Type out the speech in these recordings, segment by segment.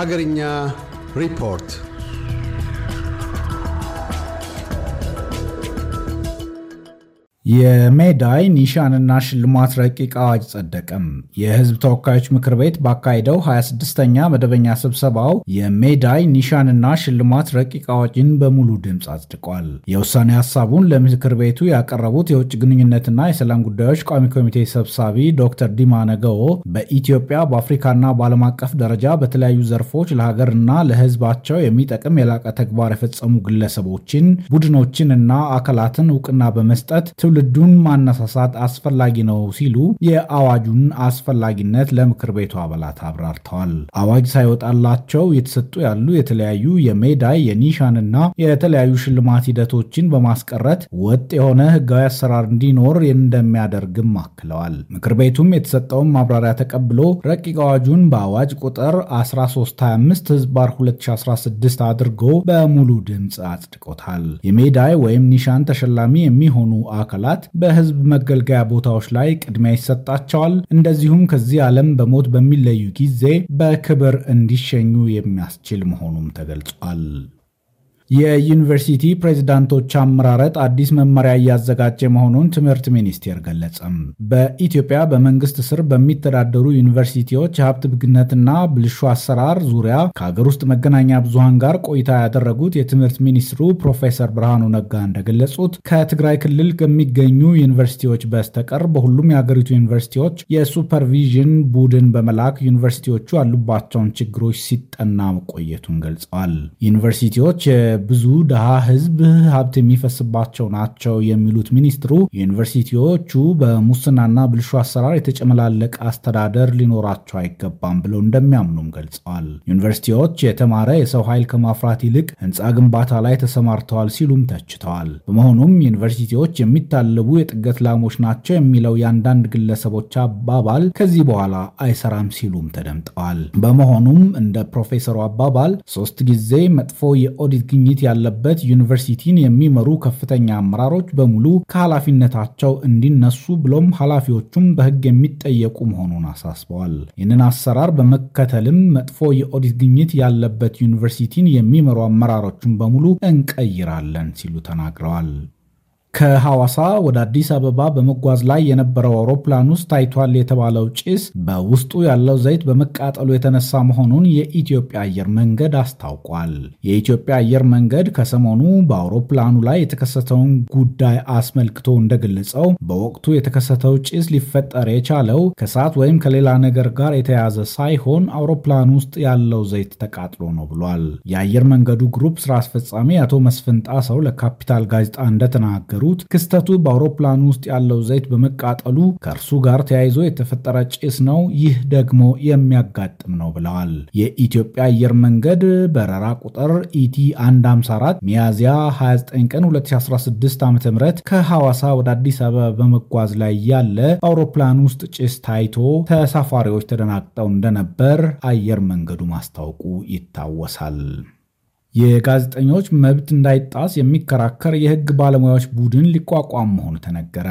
Hagarinya Report የሜዳይ ኒሻንና ሽልማት ረቂቅ አዋጅ ጸደቀም። የህዝብ ተወካዮች ምክር ቤት ባካሄደው 26ኛ መደበኛ ስብሰባው የሜዳይ ኒሻንና ሽልማት ረቂቅ አዋጅን በሙሉ ድምፅ አጽድቋል። የውሳኔ ሀሳቡን ለምክር ቤቱ ያቀረቡት የውጭ ግንኙነትና የሰላም ጉዳዮች ቋሚ ኮሚቴ ሰብሳቢ ዶክተር ዲማ ነገዎ በኢትዮጵያ በአፍሪካና በዓለም አቀፍ ደረጃ በተለያዩ ዘርፎች ለሀገርና ለህዝባቸው የሚጠቅም የላቀ ተግባር የፈጸሙ ግለሰቦችን፣ ቡድኖችን እና አካላትን እውቅና በመስጠት ትውልዱን ማነሳሳት አስፈላጊ ነው ሲሉ የአዋጁን አስፈላጊነት ለምክር ቤቱ አባላት አብራርተዋል። አዋጅ ሳይወጣላቸው የተሰጡ ያሉ የተለያዩ የሜዳይ የኒሻንና የተለያዩ ሽልማት ሂደቶችን በማስቀረት ወጥ የሆነ ህጋዊ አሰራር እንዲኖር እንደሚያደርግም አክለዋል። ምክር ቤቱም የተሰጠውን ማብራሪያ ተቀብሎ ረቂቅ አዋጁን በአዋጅ ቁጥር 1325 ህዝባር 2016 አድርጎ በሙሉ ድምፅ አጽድቆታል። የሜዳይ ወይም ኒሻን ተሸላሚ የሚሆኑ አካል አካላት በህዝብ መገልገያ ቦታዎች ላይ ቅድሚያ ይሰጣቸዋል። እንደዚሁም ከዚህ ዓለም በሞት በሚለዩ ጊዜ በክብር እንዲሸኙ የሚያስችል መሆኑም ተገልጿል። የዩኒቨርሲቲ ፕሬዚዳንቶች አመራረጥ አዲስ መመሪያ እያዘጋጀ መሆኑን ትምህርት ሚኒስቴር ገለጸም። በኢትዮጵያ በመንግስት ስር በሚተዳደሩ ዩኒቨርሲቲዎች የሀብት ብግነትና ብልሹ አሰራር ዙሪያ ከሀገር ውስጥ መገናኛ ብዙሃን ጋር ቆይታ ያደረጉት የትምህርት ሚኒስትሩ ፕሮፌሰር ብርሃኑ ነጋ እንደገለጹት ከትግራይ ክልል ከሚገኙ ዩኒቨርሲቲዎች በስተቀር በሁሉም የሀገሪቱ ዩኒቨርሲቲዎች የሱፐርቪዥን ቡድን በመላክ ዩኒቨርሲቲዎቹ ያሉባቸውን ችግሮች ሲጠና መቆየቱን ገልጸዋል። ዩኒቨርሲቲዎች ብዙ ድሃ ህዝብ ሀብት የሚፈስባቸው ናቸው የሚሉት ሚኒስትሩ ዩኒቨርሲቲዎቹ በሙስናና ብልሹ አሰራር የተጨመላለቀ አስተዳደር ሊኖራቸው አይገባም ብለው እንደሚያምኑም ገልጸዋል። ዩኒቨርሲቲዎች የተማረ የሰው ኃይል ከማፍራት ይልቅ ህንፃ ግንባታ ላይ ተሰማርተዋል ሲሉም ተችተዋል። በመሆኑም ዩኒቨርሲቲዎች የሚታለቡ የጥገት ላሞች ናቸው የሚለው የአንዳንድ ግለሰቦች አባባል ከዚህ በኋላ አይሰራም ሲሉም ተደምጠዋል። በመሆኑም እንደ ፕሮፌሰሩ አባባል ሶስት ጊዜ መጥፎ የኦዲት ግኝ ግንኙነት ያለበት ዩኒቨርሲቲን የሚመሩ ከፍተኛ አመራሮች በሙሉ ከኃላፊነታቸው እንዲነሱ ብሎም ኃላፊዎቹም በሕግ የሚጠየቁ መሆኑን አሳስበዋል። ይህንን አሰራር በመከተልም መጥፎ የኦዲት ግኝት ያለበት ዩኒቨርሲቲን የሚመሩ አመራሮችን በሙሉ እንቀይራለን ሲሉ ተናግረዋል። ከሐዋሳ ወደ አዲስ አበባ በመጓዝ ላይ የነበረው አውሮፕላን ውስጥ ታይቷል የተባለው ጭስ በውስጡ ያለው ዘይት በመቃጠሉ የተነሳ መሆኑን የኢትዮጵያ አየር መንገድ አስታውቋል። የኢትዮጵያ አየር መንገድ ከሰሞኑ በአውሮፕላኑ ላይ የተከሰተውን ጉዳይ አስመልክቶ እንደገለጸው በወቅቱ የተከሰተው ጭስ ሊፈጠር የቻለው ከእሳት ወይም ከሌላ ነገር ጋር የተያዘ ሳይሆን አውሮፕላን ውስጥ ያለው ዘይት ተቃጥሎ ነው ብሏል። የአየር መንገዱ ግሩፕ ስራ አስፈጻሚ አቶ መስፍን ጣሰው ለካፒታል ጋዜጣ እንደተናገሩ እንደተናገሩት ክስተቱ በአውሮፕላን ውስጥ ያለው ዘይት በመቃጠሉ ከእርሱ ጋር ተያይዞ የተፈጠረ ጭስ ነው። ይህ ደግሞ የሚያጋጥም ነው ብለዋል። የኢትዮጵያ አየር መንገድ በረራ ቁጥር ኢቲ 154 ሚያዝያ 29 ቀን 2016 ዓ ም ከሐዋሳ ወደ አዲስ አበባ በመጓዝ ላይ ያለ በአውሮፕላን ውስጥ ጭስ ታይቶ ተሳፋሪዎች ተደናግጠው እንደነበር አየር መንገዱ ማስታወቁ ይታወሳል። የጋዜጠኞች መብት እንዳይጣስ የሚከራከር የህግ ባለሙያዎች ቡድን ሊቋቋም መሆኑ ተነገረ።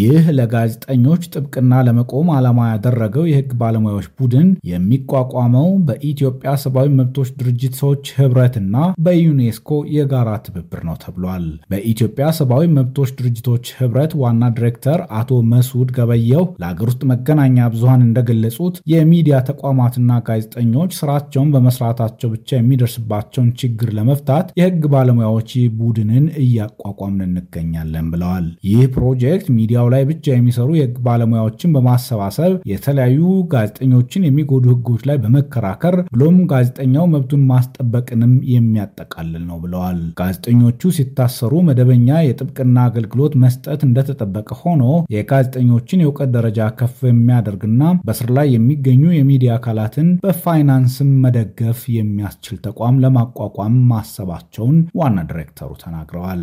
ይህ ለጋዜጠኞች ጥብቅና ለመቆም ዓላማ ያደረገው የህግ ባለሙያዎች ቡድን የሚቋቋመው በኢትዮጵያ ሰብአዊ መብቶች ድርጅት ሰዎች ህብረትና በዩኔስኮ የጋራ ትብብር ነው ተብሏል። በኢትዮጵያ ሰብአዊ መብቶች ድርጅቶች ህብረት ዋና ዲሬክተር አቶ መስዑድ ገበየው ለአገር ውስጥ መገናኛ ብዙሃን እንደገለጹት የሚዲያ ተቋማትና ጋዜጠኞች ስራቸውን በመስራታቸው ብቻ የሚደርስባቸውን ችግር ችግር ለመፍታት የህግ ባለሙያዎች ቡድንን እያቋቋምን እንገኛለን ብለዋል። ይህ ፕሮጀክት ሚዲያው ላይ ብቻ የሚሰሩ የህግ ባለሙያዎችን በማሰባሰብ የተለያዩ ጋዜጠኞችን የሚጎዱ ህጎች ላይ በመከራከር ብሎም ጋዜጠኛው መብቱን ማስጠበቅንም የሚያጠቃልል ነው ብለዋል። ጋዜጠኞቹ ሲታሰሩ መደበኛ የጥብቅና አገልግሎት መስጠት እንደተጠበቀ ሆኖ የጋዜጠኞችን የእውቀት ደረጃ ከፍ የሚያደርግና በስር ላይ የሚገኙ የሚዲያ አካላትን በፋይናንስም መደገፍ የሚያስችል ተቋም ለማቋቋም ለማቋቋም ማሰባቸውን ዋና ዲሬክተሩ ተናግረዋል።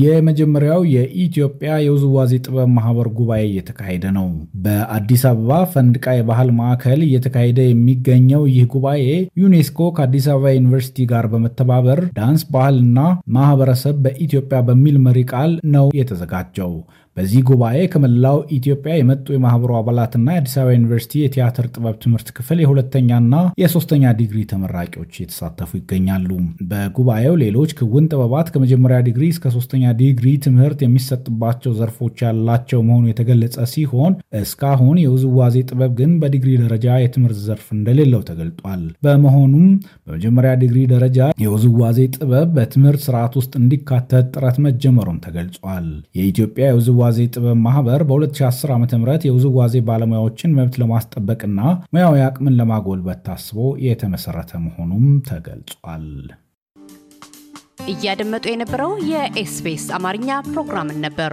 የመጀመሪያው የኢትዮጵያ የውዝዋዜ ጥበብ ማህበር ጉባኤ እየተካሄደ ነው። በአዲስ አበባ ፈንድቃ የባህል ማዕከል እየተካሄደ የሚገኘው ይህ ጉባኤ ዩኔስኮ ከአዲስ አበባ ዩኒቨርሲቲ ጋር በመተባበር ዳንስ፣ ባህልና ማህበረሰብ በኢትዮጵያ በሚል መሪ ቃል ነው የተዘጋጀው። በዚህ ጉባኤ ከመላው ኢትዮጵያ የመጡ የማህበሩ አባላትና የአዲስ አበባ ዩኒቨርሲቲ የቲያትር ጥበብ ትምህርት ክፍል የሁለተኛና የሶስተኛ ዲግሪ ተመራቂዎች እየተሳተፉ ይገኛሉ። በጉባኤው ሌሎች ክውን ጥበባት ከመጀመሪያ ዲግሪ እስከ ሶስተኛ ዲግሪ ትምህርት የሚሰጥባቸው ዘርፎች ያላቸው መሆኑ የተገለጸ ሲሆን እስካሁን የውዝዋዜ ጥበብ ግን በዲግሪ ደረጃ የትምህርት ዘርፍ እንደሌለው ተገልጧል። በመሆኑም በመጀመሪያ ዲግሪ ደረጃ የውዝዋዜ ጥበብ በትምህርት ስርዓት ውስጥ እንዲካተት ጥረት መጀመሩም ተገልጿል። የኢትዮጵያ የውዝዋ የውዝዋዜ ጥበብ ማህበር በ2010 ዓ ም የውዝዋዜ ባለሙያዎችን መብት ለማስጠበቅና ሙያዊ አቅምን ለማጎልበት ታስቦ የተመሰረተ መሆኑም ተገልጿል። እያደመጡ የነበረው የኤስቢኤስ አማርኛ ፕሮግራምን ነበር።